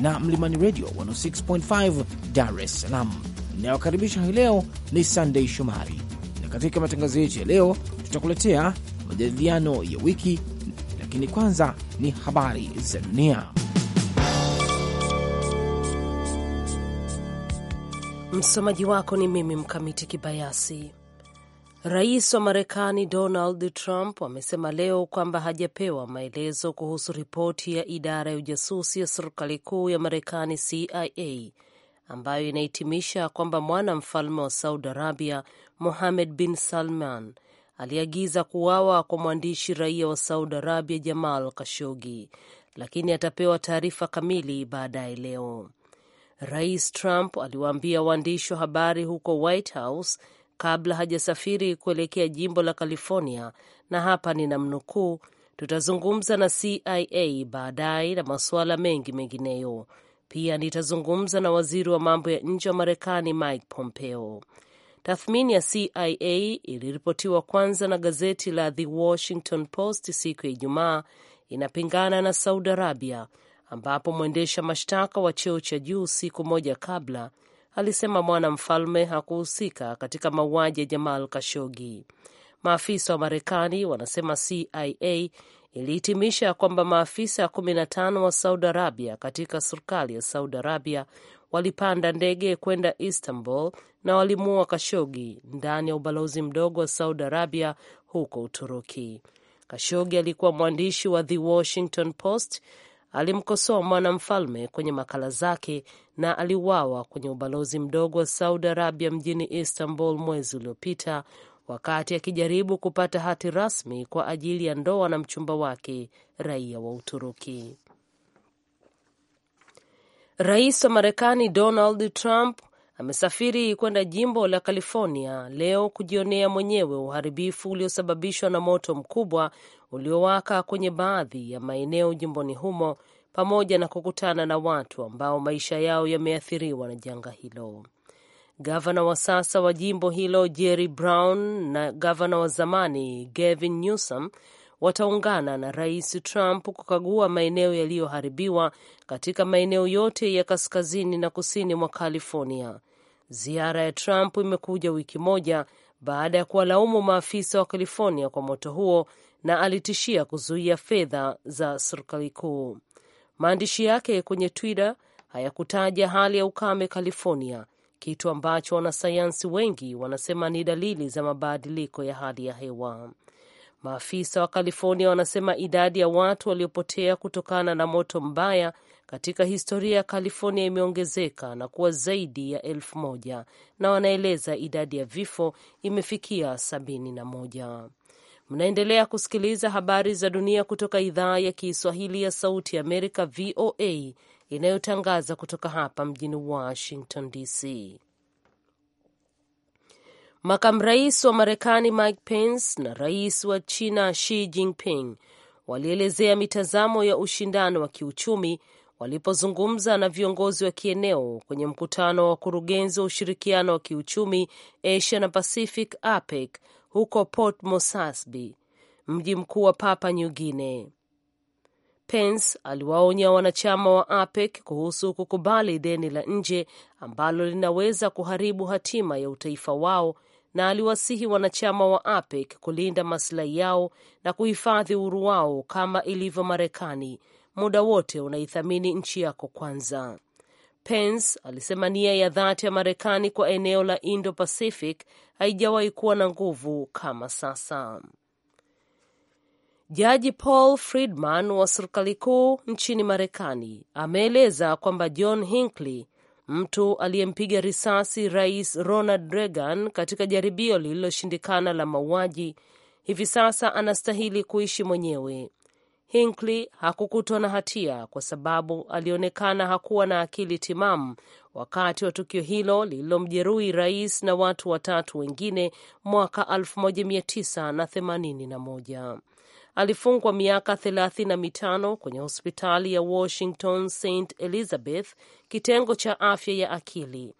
na Mlimani Radio 106.5 Dar es Salaam. Inayokaribisha hii leo ni sandey Shomari, na katika matangazo yetu ya leo tutakuletea majadiliano ya wiki, lakini kwanza ni habari za dunia. Msomaji wako ni mimi Mkamiti Kibayasi. Rais wa Marekani Donald Trump amesema leo kwamba hajapewa maelezo kuhusu ripoti ya idara ya ujasusi ya serikali kuu ya Marekani CIA ambayo inahitimisha kwamba mwana mfalme wa Saudi Arabia Mohammed bin Salman aliagiza kuuawa kwa mwandishi raia wa Saudi Arabia Jamal Kashogi, lakini atapewa taarifa kamili baadaye leo. Rais Trump aliwaambia waandishi wa habari huko White House kabla hajasafiri kuelekea jimbo la California, na hapa ninamnukuu: tutazungumza na CIA baadaye na masuala mengi mengineyo. Pia nitazungumza na waziri wa mambo ya nje wa Marekani Mike Pompeo. Tathmini ya CIA iliripotiwa kwanza na gazeti la The Washington Post siku ya Ijumaa, inapingana na Saudi Arabia ambapo mwendesha mashtaka wa cheo cha juu siku moja kabla alisema mwanamfalme hakuhusika katika mauaji ya Jamal Kashogi. Maafisa wa Marekani wanasema CIA ilihitimisha kwamba maafisa 15 wa Saudi Arabia katika serikali ya Saudi Arabia walipanda ndege kwenda Istanbul na walimuua Kashogi ndani ya ubalozi mdogo wa Saudi Arabia huko Uturuki. Kashogi alikuwa mwandishi wa The Washington Post alimkosoa mwanamfalme kwenye makala zake na aliuawa kwenye ubalozi mdogo wa Saudi Arabia mjini Istanbul mwezi uliopita wakati akijaribu kupata hati rasmi kwa ajili ya ndoa na mchumba wake raia wa Uturuki. Rais wa Marekani Donald Trump amesafiri kwenda jimbo la California leo kujionea mwenyewe uharibifu uliosababishwa na moto mkubwa uliowaka kwenye baadhi ya maeneo jimboni humo pamoja na kukutana na watu ambao maisha yao yameathiriwa na janga hilo. Gavana wa sasa wa jimbo hilo Jerry Brown na gavana wa zamani Gavin Newsom wataungana na Rais Trump kukagua maeneo yaliyoharibiwa katika maeneo yote ya kaskazini na kusini mwa California Ziara ya Trump imekuja wiki moja baada ya kuwalaumu maafisa wa California kwa moto huo na alitishia kuzuia fedha za serikali kuu. Maandishi yake kwenye Twitter hayakutaja hali ya ukame California, kitu ambacho wanasayansi wengi wanasema ni dalili za mabadiliko ya hali ya hewa. Maafisa wa California wanasema idadi ya watu waliopotea kutokana na moto mbaya katika historia ya California imeongezeka na kuwa zaidi ya elfu moja na wanaeleza idadi ya vifo imefikia sabini na moja. Mnaendelea kusikiliza habari za dunia kutoka idhaa ya Kiswahili ya Sauti ya Amerika, VOA, inayotangaza kutoka hapa mjini Washington DC. Makamu rais wa Marekani Mike Pence na rais wa China Xi Jinping walielezea mitazamo ya ushindano wa kiuchumi walipozungumza na viongozi wa kieneo kwenye mkutano wa kurugenzi wa ushirikiano wa kiuchumi Asia na Pacific APEC huko Port Moresby, mji mkuu wa Papua New Guinea. Pence aliwaonya wanachama wa APEC kuhusu kukubali deni la nje ambalo linaweza kuharibu hatima ya utaifa wao na aliwasihi wanachama wa APEC kulinda maslahi yao na kuhifadhi uhuru wao kama ilivyo Marekani muda wote unaithamini nchi yako kwanza. Pence alisema nia ya dhati ya Marekani kwa eneo la Indo Pacific haijawahi kuwa na nguvu kama sasa. Jaji Paul Friedman wa serikali kuu nchini Marekani ameeleza kwamba John Hinckley, mtu aliyempiga risasi Rais Ronald Reagan katika jaribio lililoshindikana la mauaji, hivi sasa anastahili kuishi mwenyewe Hinckley hakukutwa na hatia kwa sababu alionekana hakuwa na akili timamu wakati wa tukio hilo lililomjeruhi rais na watu watatu wengine mwaka 1981. Alifungwa miaka thelathini na mitano kwenye hospitali ya Washington St Elizabeth, kitengo cha afya ya akili.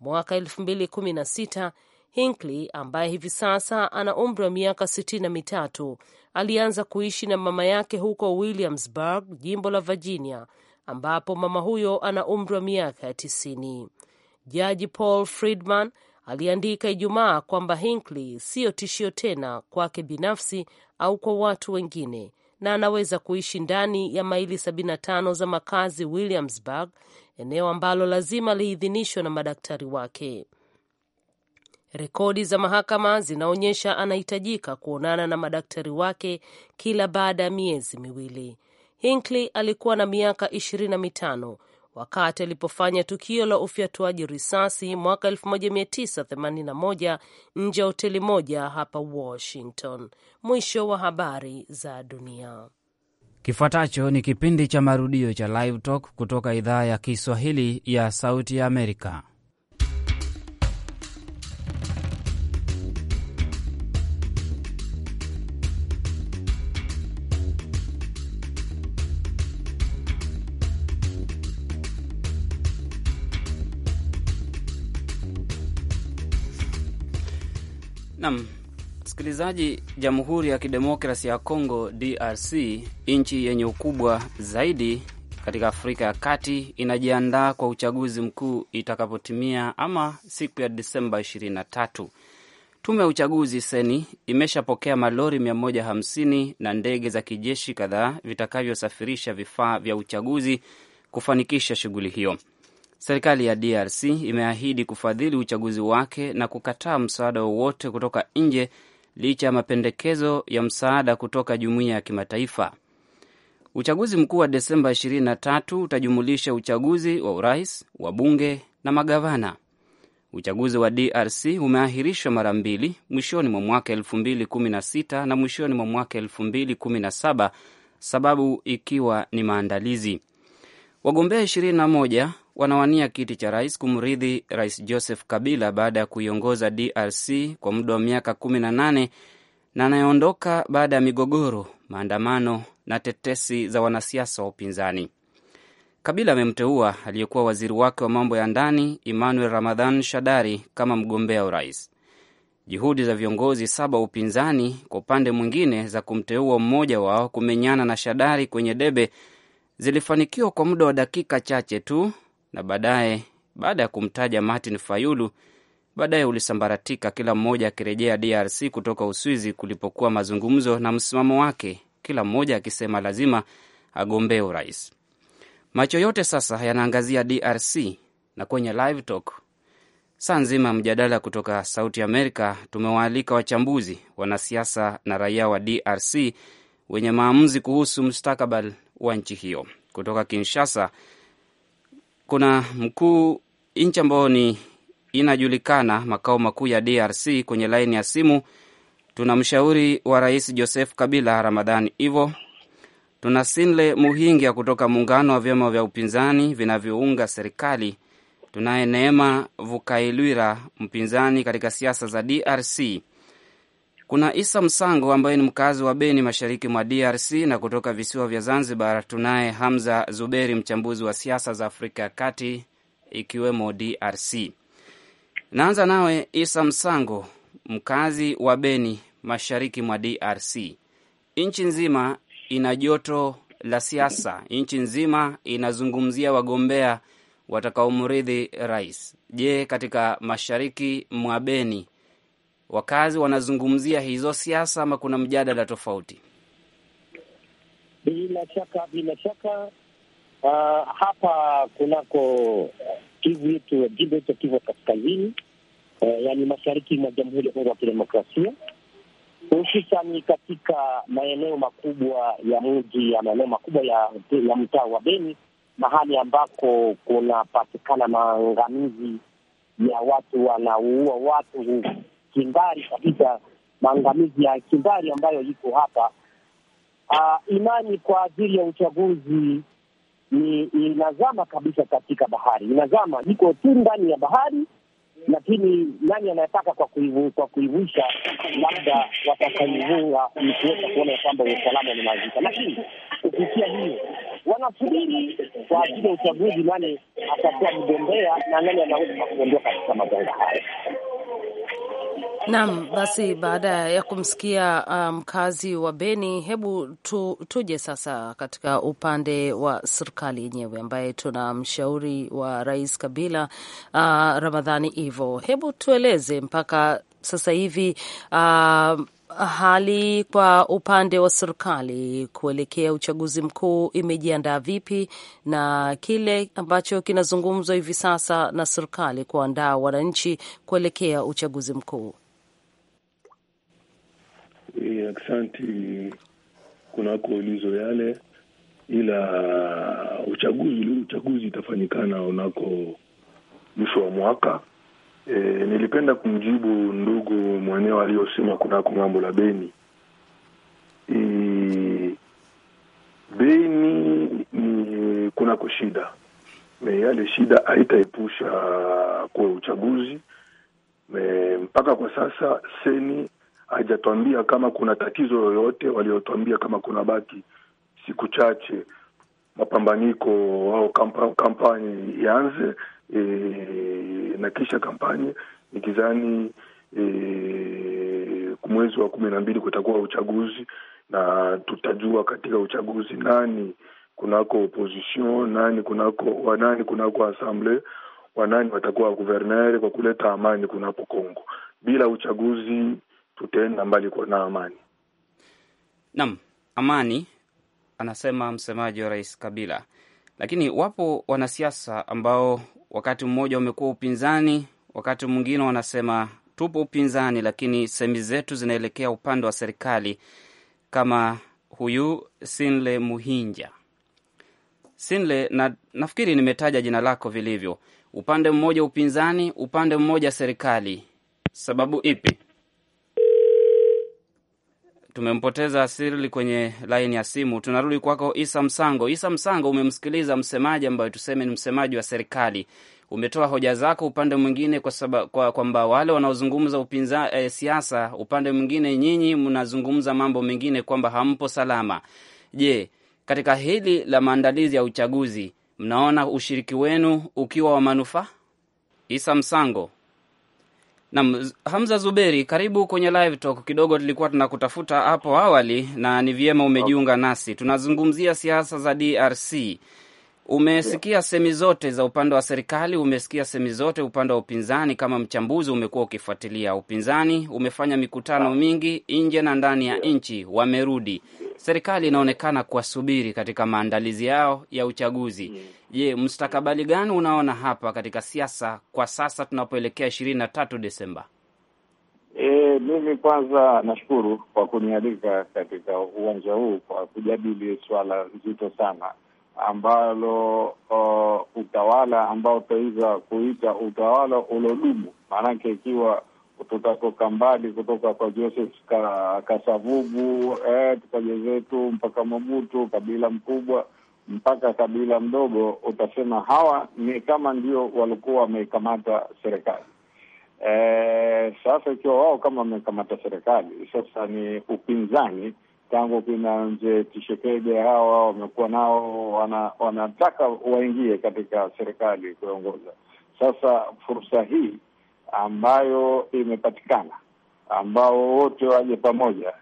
Mwaka 2016 hinkly ambaye hivi sasa ana umri wa miaka sitini na mitatu alianza kuishi na mama yake huko Williamsburg, jimbo la Virginia, ambapo mama huyo ana umri wa miaka ya tisini. Jaji Paul Friedman aliandika Ijumaa kwamba hinkly siyo tishio tena kwake binafsi au kwa watu wengine na anaweza kuishi ndani ya maili 75 za makazi Williamsburg, eneo ambalo lazima liidhinishwe na madaktari wake. Rekodi za mahakama zinaonyesha anahitajika kuonana na madaktari wake kila baada ya miezi miwili. Hinckley alikuwa na miaka ishirini na mitano wakati alipofanya tukio la ufyatuaji risasi mwaka 1981 nje ya hoteli moja hapa Washington. Mwisho wa habari za dunia. Kifuatacho ni kipindi cha marudio cha Live Talk kutoka idhaa ya Kiswahili ya Sauti ya Amerika. Nam msikilizaji, Jamhuri ya Kidemokrasi ya congo DRC, nchi yenye ukubwa zaidi katika Afrika ya Kati, inajiandaa kwa uchaguzi mkuu itakapotimia ama siku ya Disemba 23. Tume ya uchaguzi seni imeshapokea malori 150 na ndege za kijeshi kadhaa vitakavyosafirisha vifaa vya uchaguzi kufanikisha shughuli hiyo. Serikali ya DRC imeahidi kufadhili uchaguzi wake na kukataa msaada wowote kutoka nje licha ya mapendekezo ya msaada kutoka jumuiya ya kimataifa. Uchaguzi mkuu wa Desemba 23 utajumulisha uchaguzi wa urais, wa bunge na magavana. Uchaguzi wa DRC umeahirishwa mara mbili, mwishoni mwa mwaka 2016 na mwishoni mwa mwaka 2017, sababu ikiwa ni maandalizi. Wagombea 21 wanawania kiti cha rais kumrithi Rais Joseph Kabila baada ya kuiongoza DRC kwa muda wa miaka kumi na nane na anayeondoka baada ya migogoro, maandamano na tetesi za wanasiasa wa upinzani. Kabila amemteua aliyekuwa waziri wake wa mambo ya ndani Emmanuel Ramadhan Shadari kama mgombea urais. Juhudi za viongozi saba wa upinzani kwa upande mwingine za kumteua mmoja wao kumenyana na Shadari kwenye debe zilifanikiwa kwa muda wa dakika chache tu na baadaye, baada ya kumtaja Martin Fayulu, baadaye ulisambaratika, kila mmoja akirejea DRC kutoka Uswizi kulipokuwa mazungumzo na msimamo wake, kila mmoja akisema lazima agombee urais. Macho yote sasa yanaangazia DRC na kwenye Live Talk saa nzima mjadala kutoka Sauti Amerika tumewaalika wachambuzi, wanasiasa na raia wa DRC wenye maamuzi kuhusu mustakabali wa nchi hiyo. Kutoka Kinshasa kuna mkuu nchi ambayo ni inajulikana makao makuu ya DRC. Kwenye laini ya simu tuna mshauri wa rais Joseph Kabila Ramadhani Ivo, tuna Sinle Muhingia kutoka muungano wa vyama vya upinzani vinavyounga serikali, tunaye Neema Vukailwira mpinzani katika siasa za DRC kuna Isa Msango ambaye ni mkazi wa Beni, mashariki mwa DRC, na kutoka visiwa vya Zanzibar tunaye Hamza Zuberi, mchambuzi wa siasa za Afrika ya Kati ikiwemo DRC. Naanza nawe Isa Msango, mkazi wa Beni, mashariki mwa DRC. Nchi nzima ina joto la siasa, nchi nzima inazungumzia wagombea watakaomrithi rais. Je, katika mashariki mwa Beni wakazi wanazungumzia hizo siasa ama kuna mjadala tofauti? Bila shaka, bila shaka. Uh, hapa kunako Kivu yetu, jimbo yetu Kivu Kaskazini, uh, yaani mashariki mwa Jamhuri ya Kongo ya Kidemokrasia, hususani katika maeneo makubwa ya mji ya maeneo makubwa ya, ya mtaa wa Beni, mahali ambako kunapatikana maangamizi ya watu wanaua watu kimbari kabisa, maangamizi ya kimbari ambayo iko hapa. Uh, imani kwa ajili ya uchaguzi ni inazama kabisa katika bahari, inazama, iko tu ndani ya bahari, lakini nani anayetaka kwa kuivu, kwa kuivusha, labda watakaivua ni kuweza kuona ya kwamba usalama umemalizika, lakini kupitia hiyo wanasubiri kwa ajili ya uchaguzi, nani atakuwa mgombea na nani anaweza kuondoa katika majanga haya. Naam, basi baada ya kumsikia uh, mkazi um, wa Beni, hebu tu, tuje sasa katika upande wa serikali yenyewe ambaye tuna mshauri wa Rais Kabila uh, Ramadhani Ivo, hebu tueleze mpaka sasa hivi uh, hali kwa upande wa serikali kuelekea uchaguzi mkuu imejiandaa vipi, na kile ambacho kinazungumzwa hivi sasa na serikali kuandaa wananchi kuelekea uchaguzi mkuu? e, aksanti kunako ulizo yale, ila uchaguzi ule uchaguzi itafanyikana unako mwisho wa mwaka. E, nilipenda kumjibu ndugu mwenyewe aliyosema kunako mambo la Beni. E, Beni ni kunako shida me, yale shida haitaepusha kwa uchaguzi me, mpaka kwa sasa seni haijatuambia kama kuna tatizo yoyote, waliotuambia kama kuna baki siku chache mapambaniko au kampani ianze e, na kisha kampani nikizani e, mwezi wa kumi na mbili kutakuwa uchaguzi na tutajua katika uchaguzi nani kunako opposition nani kunako wanani kunako assemble wanani watakuwa guverner kwa kuleta amani kunapo Kongo. Bila uchaguzi tutaenda mbali na amani. Naam, amani, anasema msemaji wa Rais Kabila. Lakini wapo wanasiasa ambao wakati mmoja wamekuwa upinzani, wakati mwingine wanasema tupo upinzani, lakini semi zetu zinaelekea upande wa serikali, kama huyu Sinle Muhinja. Sinle, na nafikiri nimetaja jina lako vilivyo. Upande mmoja upinzani, upande mmoja serikali, sababu ipi? Tumempoteza Sirili kwenye laini ya simu. Tunarudi kwako Isa Msango. Isa Msango, umemsikiliza msemaji ambayo tuseme ni msemaji wa serikali, umetoa hoja zako upande mwingine, kwa kwamba kwa wale wanaozungumza upinza e, siasa upande mwingine, nyinyi mnazungumza mambo mengine kwamba hampo salama. Je, katika hili la maandalizi ya uchaguzi mnaona ushiriki wenu ukiwa wa manufaa? Isa Msango. Nam Hamza Zuberi, karibu kwenye live talk. Kidogo tulikuwa tunakutafuta hapo awali na ni vyema umejiunga nasi. Tunazungumzia siasa za DRC. Umesikia semi zote za upande wa serikali, umesikia semi zote upande wa upinzani. Kama mchambuzi, umekuwa ukifuatilia upinzani, umefanya mikutano ah. mingi nje na ndani ya nchi, wamerudi serikali inaonekana kuwasubiri katika maandalizi yao ya uchaguzi. Mm. Je, mm. mustakabali gani unaona hapa katika siasa kwa sasa tunapoelekea ishirini na tatu Desemba? E, mimi kwanza nashukuru kwa kunialika katika uwanja huu kwa kujadili swala zito sana ambalo uh, utawala ambao utaweza kuita utawala ulodumu, maanake ikiwa tutatoka mbali kutoka kwa Joseph ka, Kasavubu eh, tukaje zetu mpaka Mobutu, kabila mkubwa mpaka kabila mdogo, utasema hawa ni kama ndio walikuwa wameikamata serikali. Eh, sasa ikiwa wao kama wamekamata serikali, sasa ni upinzani tangu kina mzee Tshisekedi hawa wamekuwa nao wana, wanataka waingie katika serikali kuongoza. Sasa fursa hii ambayo imepatikana, ambao wote waje pamoja.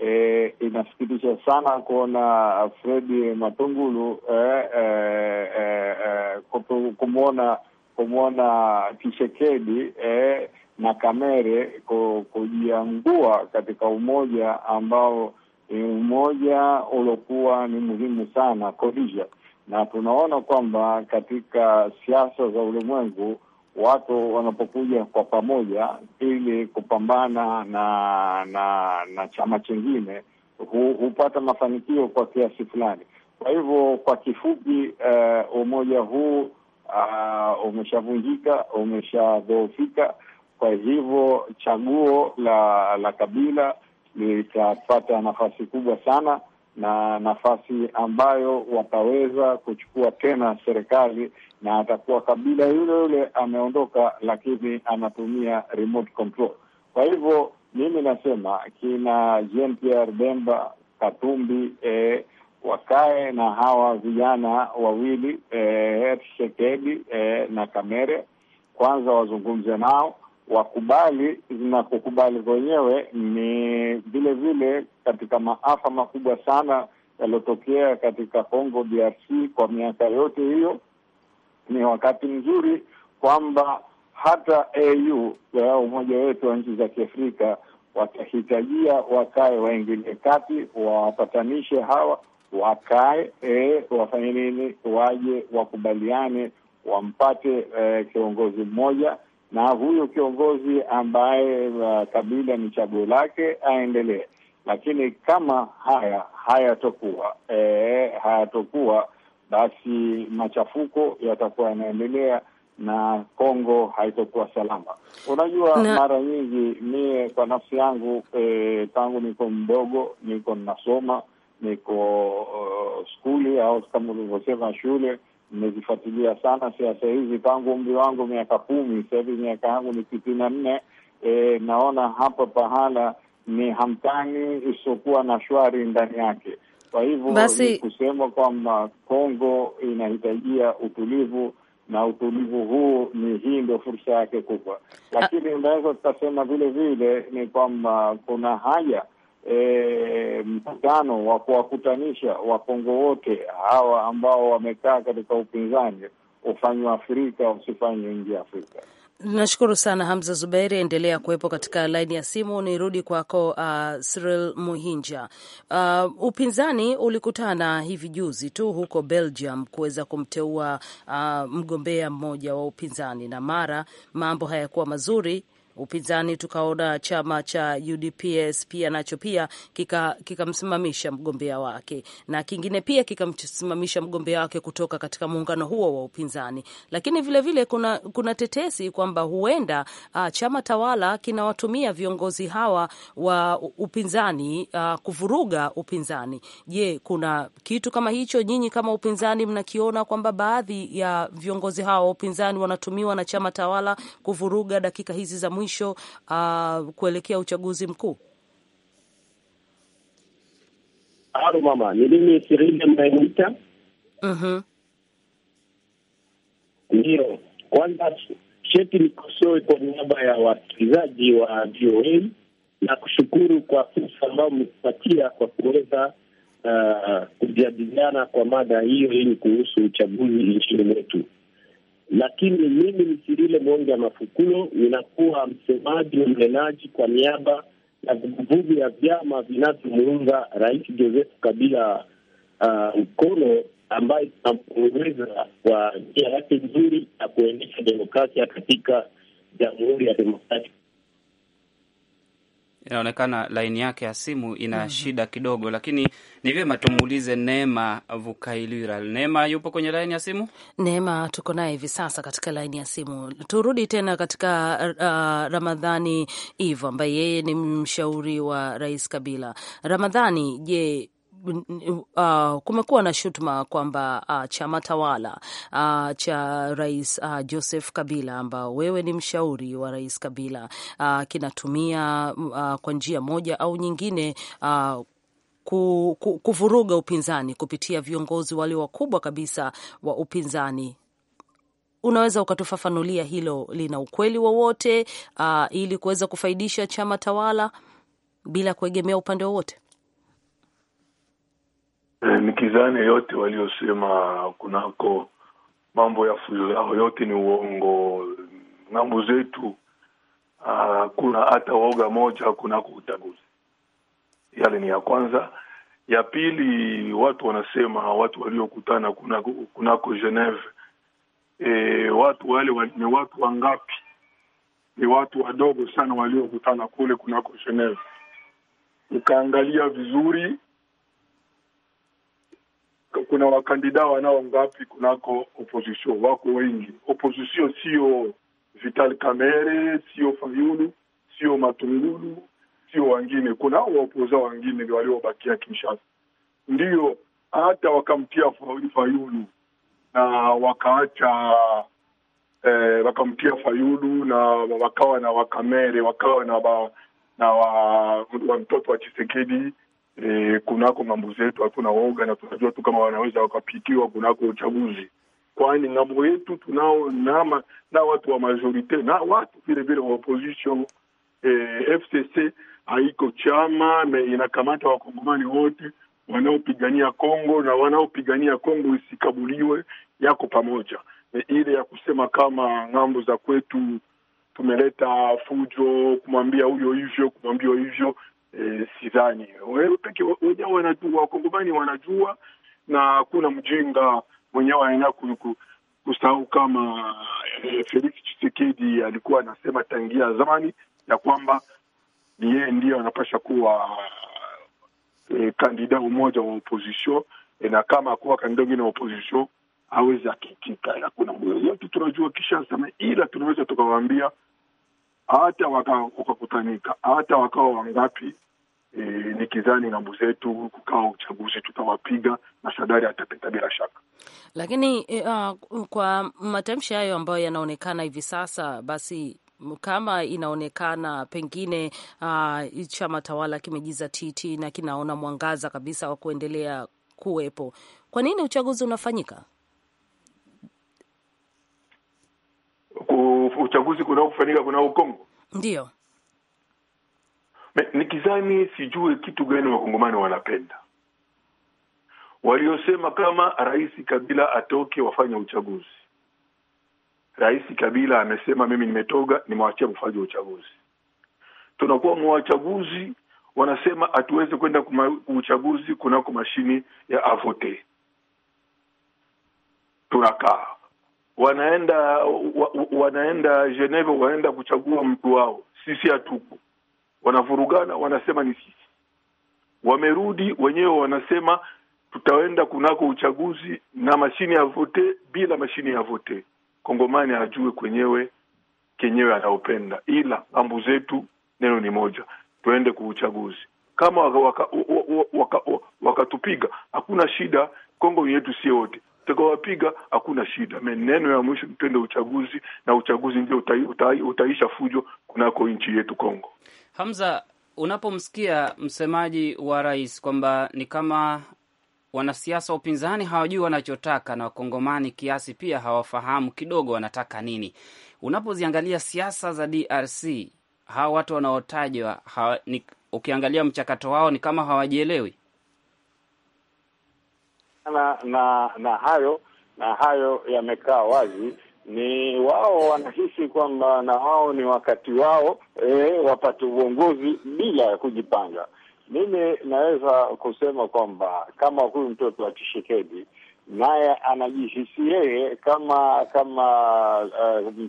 E, inasikitisha sana kuona Fredi Matungulu e, e, e, e kumwona kumwona Kishekedi e, na Kamere kujiangua katika umoja ambao ni umoja uliokuwa ni muhimu sana kodisha, na tunaona kwamba katika siasa za ulimwengu watu wanapokuja kwa pamoja ili kupambana na na na chama chingine hu, hupata mafanikio kwa kiasi fulani. Kwa hivyo kwa kifupi, uh, umoja huu uh, umeshavunjika, umeshadhoofika. Kwa hivyo chaguo la la kabila litapata nafasi kubwa sana na nafasi ambayo wataweza kuchukua tena serikali, na atakuwa kabila yule yule ameondoka, lakini anatumia remote control. Kwa hivyo mimi nasema kina Jean Pierre Bemba Katumbi eh, wakae na hawa vijana wawili eh, Tshisekedi eh, na Kamere kwanza wazungumze nao wakubali na kukubali kwenyewe ni vile vile katika maafa makubwa sana yaliyotokea katika Kongo DRC kwa miaka yote hiyo. Ni wakati mzuri kwamba hata AU ya umoja wetu wa nchi za Kiafrika watahitajia wakae, waingilie kati, wawapatanishe hawa, wakae e, wafanye nini, waje wakubaliane, wampate e, kiongozi mmoja na huyo kiongozi ambaye uh, Kabila ni chaguo lake aendelee. Lakini kama haya hayatokuwa e, hayatokuwa basi machafuko yatakuwa yanaendelea na Kongo haitokuwa salama. Unajua na... mara nyingi mie kwa nafsi yangu e, tangu niko mdogo niko nasoma niko uh, skuli au kama ulivyosema shule nimezifuatilia sana siasa hizi tangu umri wangu miaka kumi. Sasa hivi miaka yangu ni sitini na nne. E, naona hapa pahala ni hamtani isiokuwa na shwari ndani yake. Kwa hivyo Basi... kusema kwamba Kongo inahitajia utulivu na utulivu huu ni hii ndio fursa yake kubwa, lakini unaweza tukasema vile vile ni kwamba kuna haja e, mkutano wa kuwakutanisha Wakongo wote hawa ambao wamekaa katika upinzani ufanywe Afrika usifanywe nje ya Afrika. Nashukuru sana Hamza Zuberi, endelea kuwepo katika laini ya simu. Nirudi kwako uh, Cyril Muhinja. Uh, upinzani ulikutana hivi juzi tu huko Belgium kuweza kumteua uh, mgombea mmoja wa upinzani, na mara mambo hayakuwa mazuri upinzani tukaona chama cha UDPS pia nacho pia kikamsimamisha kika mgombea wake, na kingine pia kikamsimamisha mgombea wake kutoka katika muungano huo wa upinzani. Lakini vilevile vile kuna, kuna tetesi kwamba huenda uh, chama tawala kinawatumia viongozi hawa wa upinzani uh, kuvuruga upinzani. Je, kuna kitu kama hicho? Nyinyi kama upinzani mnakiona kwamba baadhi ya viongozi hawa wa upinzani wanatumiwa na chama tawala kuvuruga dakika hizi za mwisho? mwisho uh, kuelekea uchaguzi mkuu? Halo mama, ni mimi Sirinde Mbaimwita. Mhm, Kwanza sheti nikosoe kwa niaba ya wasikilizaji wa VOA na kushukuru kwa fursa ambayo mmetupatia kwa kuweza uh, kujadiliana kwa mada hiyo yenye kuhusu uchaguzi nchini mwetu lakini mimi mwonge ya Mafukulo ninakuwa msemaji mnenaji kwa niaba ya vuguvugu ya vyama vinavyomuunga Rais Joseph Kabila uh, mkono ambaye tunampongeza kwa njia yake nzuri ya kuendesha demokrasia katika Jamhuri ya demokrati inaonekana laini yake ya simu ina mm -hmm. shida kidogo, lakini ni vyema tumuulize Neema Vukailira. Neema yupo kwenye laini ya simu. Neema tuko naye hivi sasa katika laini ya simu. Turudi tena katika uh, Ramadhani Ivo ambaye yeye ni mshauri wa Rais Kabila. Ramadhani, je, uh, kumekuwa na shutuma kwamba uh, chama tawala uh, cha rais uh, Joseph Kabila ambao wewe ni mshauri wa rais Kabila uh, kinatumia uh, kwa njia moja au nyingine uh, kuvuruga upinzani kupitia viongozi wale wakubwa kabisa wa upinzani. Unaweza ukatufafanulia hilo lina ukweli wowote, uh, ili kuweza kufaidisha chama tawala bila kuegemea upande wowote? E, nikizani yote waliosema kunako mambo ya fujo yao yote ni uongo. Ng'ambo zetu ah, hakuna hata woga moja kunako uchaguzi. Yale ni ya kwanza. Ya pili, watu wanasema watu waliokutana kunako, kunako Geneve e, watu wale ni watu wangapi? Ni watu wadogo sana waliokutana kule kunako Geneve. Ukaangalia vizuri kuna wakandida wanao ngapi kunako opposition, wako wengi. Opposition sio Vital Kamerhe, sio Fayulu, sio Matungulu, sio wangine. Kuna waopoza wangine waliobakia Kinshasa, ndio hata wakamtia Fayulu na wakaacha eh, wakamtia Fayulu na wakawa na Wakamere, wakawa na ba, na wa, wa mtoto wa Chisekedi e, kunako ng'ambo zetu hatuna woga na tunajua tu kama wanaweza wakapitiwa kunako uchaguzi, kwani ng'ambo yetu tunao nama na watu wa majorite na watu vilevile wa opposition e, FCC haiko chama me inakamata wakongomani wote wanaopigania Kongo na wanaopigania Kongo isikabuliwe yako pamoja. E, ile ya kusema kama ng'ambo za kwetu tumeleta fujo, kumwambia huyo hivyo, kumwambia hivyo, e, sidhani wenyewe wanajua, wakongomani wanajua, na hakuna mjinga mwenyewe aenda kusahau kama e, Felix Chisekedi alikuwa anasema tangia zamani ya kwamba ni yeye ndiyo anapasha kuwa e, kandida umoja wa opposition e, na kama akuwa kandida wengine wa opposition aweze akitika. Hakuna yote tunajua sema, ila tunaweza tukawaambia hata wakakutanika waka hata wakawa wangapi, e, ni kizani ngambo zetu, kukawa uchaguzi tutawapiga na Shadari atapita bila shaka. Lakini uh, kwa matamshi hayo ambayo yanaonekana hivi sasa, basi kama inaonekana pengine uh, chama tawala kimejizatiti na kinaona mwangaza kabisa wa kuendelea kuwepo, kwa nini uchaguzi unafanyika? Uchaguzi kunaokufanyika kunao Kongo ndio nikizani sijue kitu gani wakongomani wanapenda waliosema kama rais Kabila atoke wafanye uchaguzi. Rais Kabila amesema mimi nimetoga, nimewachia kufanya uchaguzi. Tunakuwa wachaguzi wanasema hatuweze kwenda uchaguzi kunako mashini ya avote. Tunakaa wanaenda wa, wanaenda Geneva, wanaenda kuchagua mtu wao, sisi hatuko wanavurugana, wanasema ni sisi. Wamerudi wenyewe wanasema tutaenda kunako uchaguzi na mashine ya vote, bila mashine ya vote. Kongomani ajue kwenyewe kenyewe anaopenda, ila ambu zetu neno ni moja, tuende uchaguzi Kama wakatupiga waka, waka, waka hakuna shida, Kongo yetu sio wote tutakawapiga hakuna shida. Neno ya mwisho tupende uchaguzi, na uchaguzi ndio utai, uta, utaisha fujo kunako nchi yetu Kongo. Hamza, unapomsikia msemaji wa rais kwamba ni kama wanasiasa wa upinzani hawajui wanachotaka na wakongomani kiasi pia hawafahamu kidogo wanataka nini, unapoziangalia siasa za DRC hawa watu wanaotajwa hawa, ukiangalia mchakato wao ni kama hawajielewi na, na, na hayo na hayo yamekaa wazi ni wao wanahisi kwamba na wao ni wakati wao e, wapate uongozi bila ya kujipanga. Mimi naweza kusema kwamba kama huyu mtoto wa Tshisekedi naye anajihisi yeye kama kama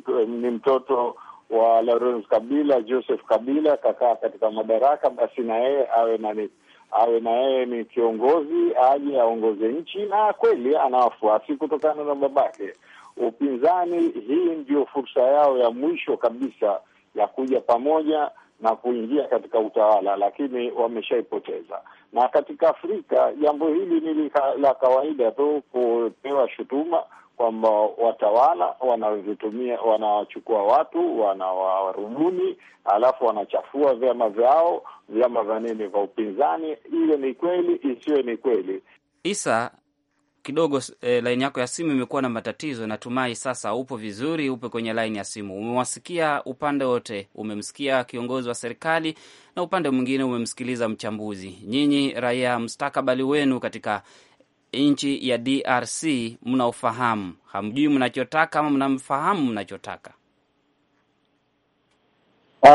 uh, ni mtoto wa Laurent Kabila, Joseph Kabila kakaa katika madaraka, basi na yeye awe nani awe na yeye ni kiongozi aje aongoze nchi, na kweli ana wafuasi kutokana na babake upinzani, hii ndiyo fursa yao ya mwisho kabisa ya kuja pamoja na kuingia katika utawala, lakini wameshaipoteza. Na katika Afrika jambo hili ni la kawaida tu, kupewa shutuma kwamba watawala wanavitumia, wanawachukua watu, wanawarubuni, alafu wanachafua vyama vyao, vyama vya nini, vya upinzani. iwe ni kweli, isiyo ni kweli, Isa kidogo eh, e, laini yako ya simu imekuwa na matatizo. Natumai sasa upo vizuri, upo kwenye laini ya simu. Umewasikia upande wote, umemsikia kiongozi wa serikali na upande mwingine umemsikiliza mchambuzi. Nyinyi raia, mstakabali wenu katika nchi ya DRC mnaofahamu, hamjui mnachotaka ama mnamfahamu mnachotaka? Uh,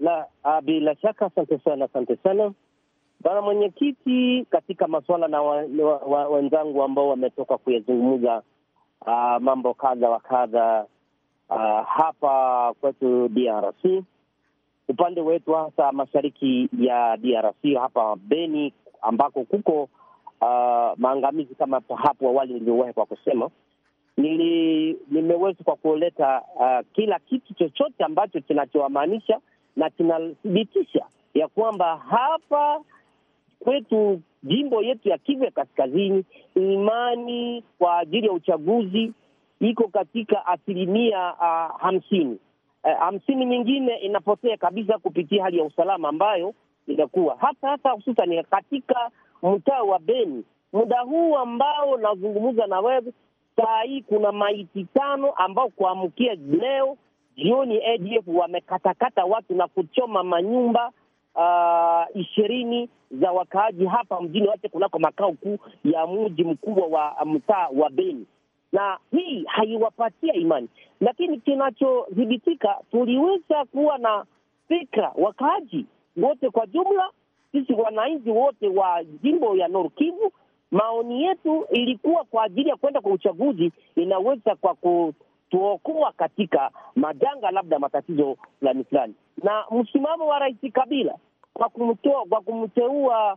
la, uh, bila shaka. Asante sana, asante sana Bwana Mwenyekiti, katika masuala na wenzangu wa, wa, ambao wametoka kuyazungumza uh, mambo kadha wa kadha uh, hapa kwetu DRC upande wetu hasa mashariki ya DRC hapa Beni ambako kuko uh, maangamizi kama hapo awali niliowahi kwa kusema nili, nimeweza kwa kuleta uh, kila kitu chochote ambacho kinachowamaanisha na kinathibitisha ya kwamba hapa kwetu jimbo yetu ya Kivu ya Kaskazini, imani kwa ajili ya uchaguzi iko katika asilimia uh, hamsini. Uh, hamsini nyingine inapotea kabisa kupitia hali ya usalama ambayo inakuwa hasa hasa hususan katika mtaa wa Beni muda huu ambao nazungumza na wewe saa hii, kuna maiti tano ambao kuamkia leo jioni ADF wamekatakata watu na kuchoma manyumba uh, ishirini za wakaaji hapa mjini Wache kunako makao kuu ya mji mkubwa wa uh, mtaa wa Beni, na hii haiwapatia imani, lakini kinachodhibitika tuliweza kuwa na fikra wakaaji wote kwa jumla, sisi wananchi wote wa jimbo ya Nord Kivu, maoni yetu ilikuwa kwa ajili ya kwenda kwa uchaguzi inaweza kwa kutuokoa katika majanga, labda matatizo fulani fulani. Na msimamo wa Rais Kabila kwa kumtoa kwa kumteua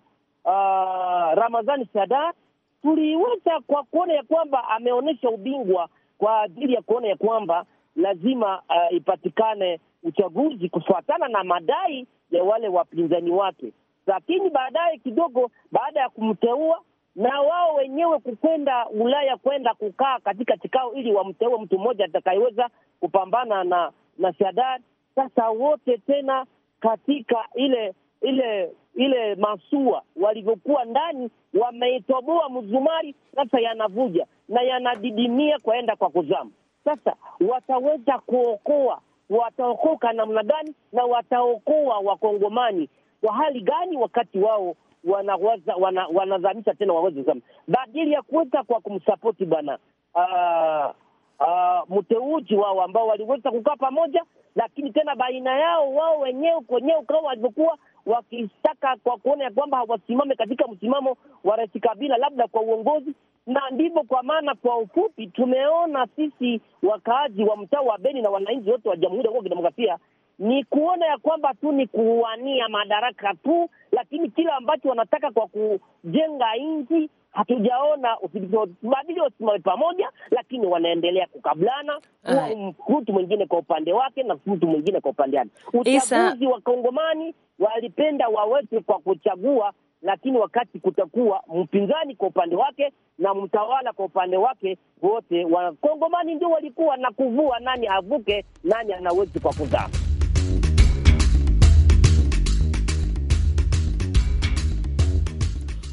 uh, Ramadhani Sada, tuliweza kwa kuona ya kwamba ameonyesha ubingwa kwa ajili ya kuona ya kwamba lazima uh, ipatikane uchaguzi kufuatana na madai ya wale wapinzani wake. Lakini baadaye kidogo, baada ya kumteua na wao wenyewe kukwenda Ulaya kwenda kukaa katika kikao ili wamteue mtu mmoja atakayeweza kupambana na na Sadat. Sasa wote tena katika ile ile ile masua walivyokuwa ndani, wameitoboa mzumari, sasa yanavuja na yanadidimia kwaenda kwa kuzama. Sasa wataweza kuokoa, wataokoka namna gani? Na wataokoa wakongomani kwa hali gani, wakati wao wanawaza wana, wanazamisha tena waweze zama, badili ya kuweza kwa kumsapoti bwana uh, ah, uh, ah, mteuji wao ambao waliweza kukaa pamoja, lakini tena baina yao wao wenyewe kwenyewe kama walivyokuwa wakishtaka kwa kuona ya kwamba hawasimame katika msimamo wa Rais Kabila, labda kwa uongozi na ndivyo. Kwa maana kwa ufupi, tumeona sisi wakaaji wa mtaa wa Beni na wananchi wote wa Jamhuri ya Kidemokrasia ni kuona ya kwamba tu ni kuwania madaraka tu, lakini kile ambacho wanataka kwa kujenga nchi hatujaona uthibitisho, wasimame pamoja, lakini wanaendelea kukablana, huwa mtu mwingine kwa upande wake na mtu mwingine kwa upande wake. Uchaguzi wa Kongomani walipenda waweke kwa kuchagua, lakini wakati kutakuwa mpinzani kwa upande wake na mtawala kwa upande wake, wote Wakongomani ndio walikuwa na kuvua nani avuke, nani anawezi kwa kuzama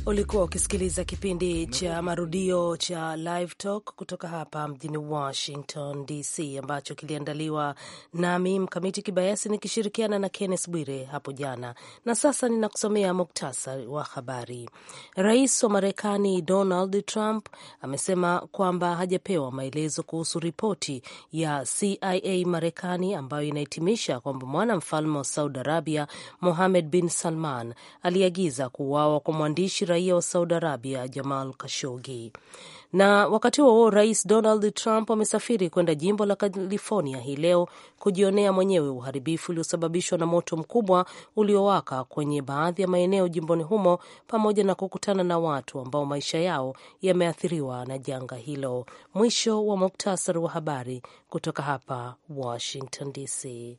Ulikuwa ukisikiliza kipindi cha marudio cha Live Talk kutoka hapa mjini Washington DC, ambacho kiliandaliwa nami Mkamiti Kibayasi nikishirikiana na Kenneth Bwire hapo jana. Na sasa ninakusomea muktasari wa habari. Rais wa Marekani Donald Trump amesema kwamba hajapewa maelezo kuhusu ripoti ya CIA Marekani ambayo inahitimisha kwamba mwanamfalme wa Saudi Arabia Mohammed bin Salman aliagiza kuuawa kwa mwandishi raia wa Saudi Arabia Jamal Khashoggi. Na wakati huo Rais Donald Trump amesafiri kwenda jimbo la California hii leo kujionea mwenyewe uharibifu uliosababishwa na moto mkubwa uliowaka kwenye baadhi ya maeneo jimboni humo, pamoja na kukutana na watu ambao maisha yao yameathiriwa na janga hilo. Mwisho wa muktasari wa habari kutoka hapa Washington DC.